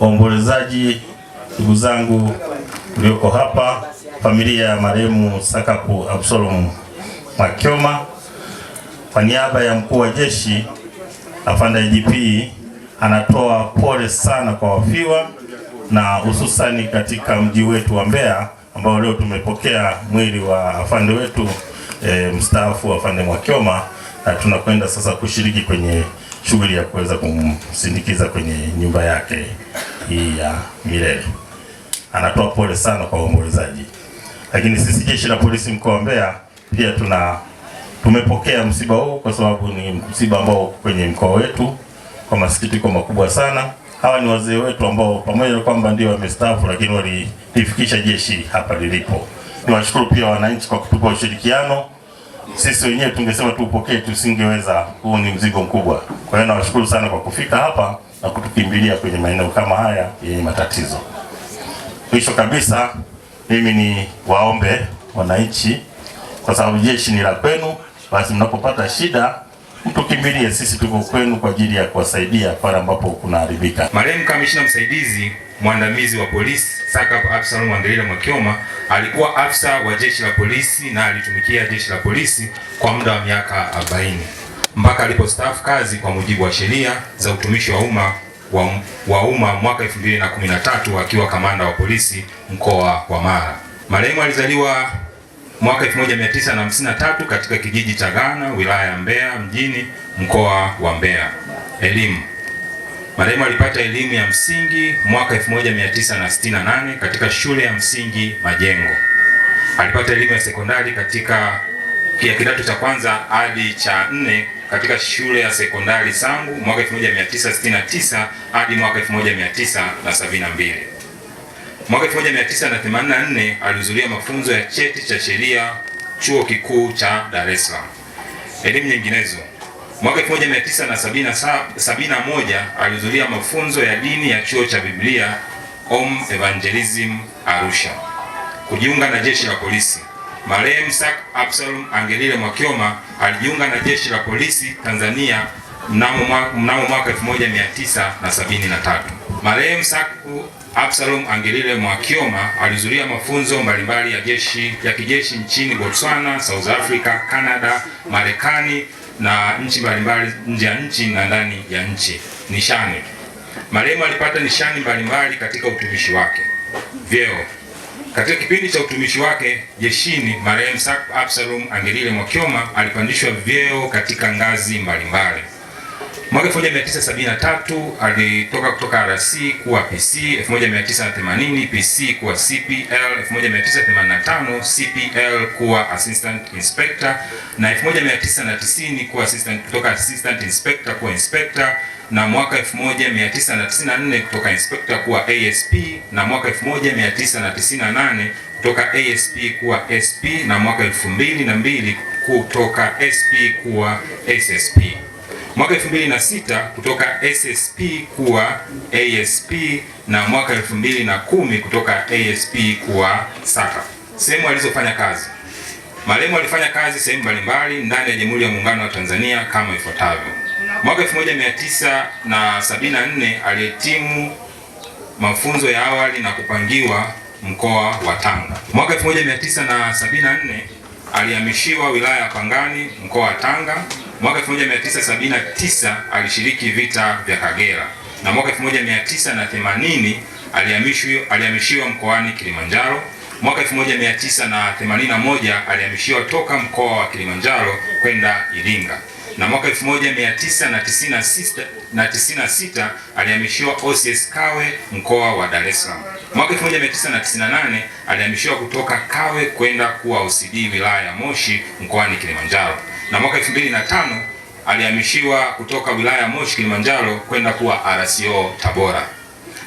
Waombolezaji, ndugu zangu ulioko hapa, familia ya marehemu Sakapu Absalom Mwakyoma, kwa niaba ya mkuu wa jeshi afande IGP anatoa pole sana kwa wafiwa na hususani katika mji wetu wa Mbeya ambao leo tumepokea mwili wa afande wetu e, mstaafu afande Mwakyoma na tunakwenda sasa kushiriki kwenye shughuli ya kuweza kumsindikiza kwenye nyumba yake hii ya milele. Anatoa pole sana kwa waombolezaji. Lakini sisi jeshi la polisi mkoa wa Mbeya pia tuna tumepokea msiba huu kwa sababu ni msiba ambao kwenye mkoa wetu kwa masikitiko makubwa sana. Hawa ni wazee wetu ambao pamoja na kwamba ndio wamestaafu, lakini walifikisha jeshi hapa lilipo. Niwashukuru pia wananchi kwa kutupa ushirikiano sisi wenyewe tungesema tuupokee, tusingeweza. Huu ni mzigo mkubwa. Kwa hiyo nawashukuru sana kwa kufika hapa na kutukimbilia kwenye maeneo kama haya yenye matatizo. Mwisho kabisa, mimi ni waombe wananchi, kwa sababu jeshi ni la kwenu, basi mnapopata shida tukimbilie sisi tuko kwenu kwa ajili ya kuwasaidia pale ambapo kunaharibika. Marehemu kamishna msaidizi mwandamizi wa polisi SACP Absalom Wangelile Mwakyoma alikuwa afisa wa jeshi la polisi na alitumikia jeshi la polisi kwa muda wa miaka 40 mpaka alipostaafu kazi kwa mujibu wa sheria za utumishi wa umma wa umma mwaka 2013 akiwa kamanda wa polisi mkoa wa Mara. Marehemu alizaliwa mwaka 1953 katika kijiji cha Ghana, wilaya ya Mbeya mjini, mkoa wa Mbeya. Elimu. Marehemu alipata elimu ya msingi mwaka 1968 katika shule ya msingi Majengo. Alipata elimu ya sekondari katika ya kidato cha kwanza hadi cha nne katika shule ya sekondari Sangu mwaka 1969 hadi mwaka 1972. Mwaka 1984 alihudhuria mafunzo ya cheti cha sheria chuo kikuu cha Dar es Salaam. Elimu nyinginezo. Mwaka 1971 alihudhuria mafunzo ya dini ya chuo cha Biblia Om Evangelism Arusha. Kujiunga na jeshi la polisi. Marehemu Sak Absalom Angelile Mwakyoma alijiunga na jeshi la polisi Tanzania mnamo mwaka 1973. Marehemu Saku Absalom Angelile Mwakioma alizuria mafunzo mbalimbali ya jeshi ya kijeshi nchini Botswana, South Africa, Canada, Marekani na nchi mbalimbali nje ya nchi na ndani ya nchi. Nishani. Marehemu alipata nishani mbalimbali katika utumishi wake. Vyeo. Katika kipindi cha utumishi wake jeshini, marehemu Saku Absalom Angelile Mwakioma alipandishwa vyeo katika ngazi mbalimbali. Mwaka 1973 alitoka kutoka RC kuwa PC, 1980 PC kuwa CPL, 1985 CPL kuwa Assistant Inspector na 1990 kuwa assistant, kutoka Assistant Inspector kuwa Inspector na mwaka 1994 kutoka Inspector kuwa ASP na mwaka 1998 kutoka ASP kuwa SP na mwaka 2002 kutoka SP kuwa SSP mwaka 2006 kutoka SSP kuwa ASP na mwaka 2010 kutoka ASP kuwa SACP. Sehemu alizofanya kazi, marehemu alifanya kazi sehemu mbalimbali ndani ya Jamhuri ya Muungano wa Tanzania kama ifuatavyo: mwaka 1974 alihitimu mafunzo ya awali na kupangiwa mkoa wa Tanga. Mwaka 1974 alihamishiwa wilaya ya Pangani mkoa wa Tanga Mwaka 1979 alishiriki vita vya Kagera na mwaka 1980 alihamishiwa mkoani Kilimanjaro. Mwaka 1981 alihamishiwa toka mkoa wa Kilimanjaro kwenda Iringa na mwaka 1996 alihamishiwa OCS Kawe mkoa wa Dar es Salaam. Mwaka 1998 alihamishiwa kutoka Kawe kwenda kuwa OCD wilaya ya Moshi mkoani Kilimanjaro na mwaka 2005 alihamishiwa kutoka wilaya ya Moshi Kilimanjaro kwenda kuwa RCO Tabora,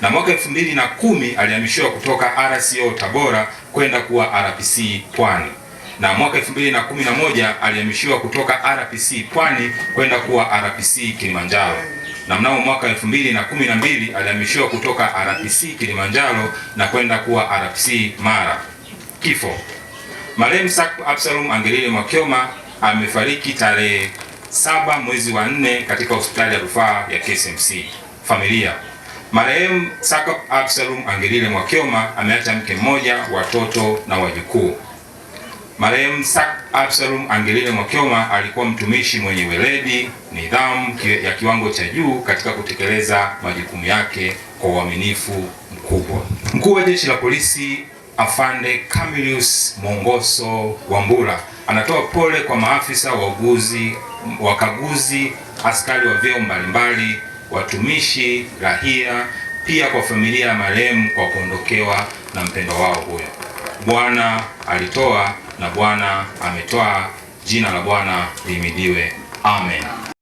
na mwaka 2010 alihamishiwa kutoka RCO Tabora kwenda kuwa RPC Pwani, na mwaka 2011 alihamishiwa kutoka RPC Pwani kwenda kuwa RPC Kilimanjaro, na mnamo mwaka 2012 alihamishiwa kutoka RPC Kilimanjaro na kwenda kuwa RPC Mara. Kifo marehemu Absalom Angelile Mwakyoma amefariki tarehe saba mwezi wa nne katika hospitali ya rufaa ya KCMC. Familia marehemu Sakop Absalom Angelile Mwakyoma ameacha mke mmoja, watoto na wajukuu. Marehemu sak Absalom Angelile Mwakyoma alikuwa mtumishi mwenye weledi, nidhamu ya kiwango cha juu katika kutekeleza majukumu yake kwa uaminifu mkubwa. Mkuu wa Jeshi la Polisi Afande Camillus Mongoso Wambura anatoa pole kwa maafisa wauguzi, wakaguzi, askari wa vyeo mbalimbali, watumishi, rahia pia kwa familia ya marehemu kwa kuondokewa na mpendwa wao huyo. Bwana alitoa na Bwana ametoa, jina la Bwana lihimidiwe. Amen.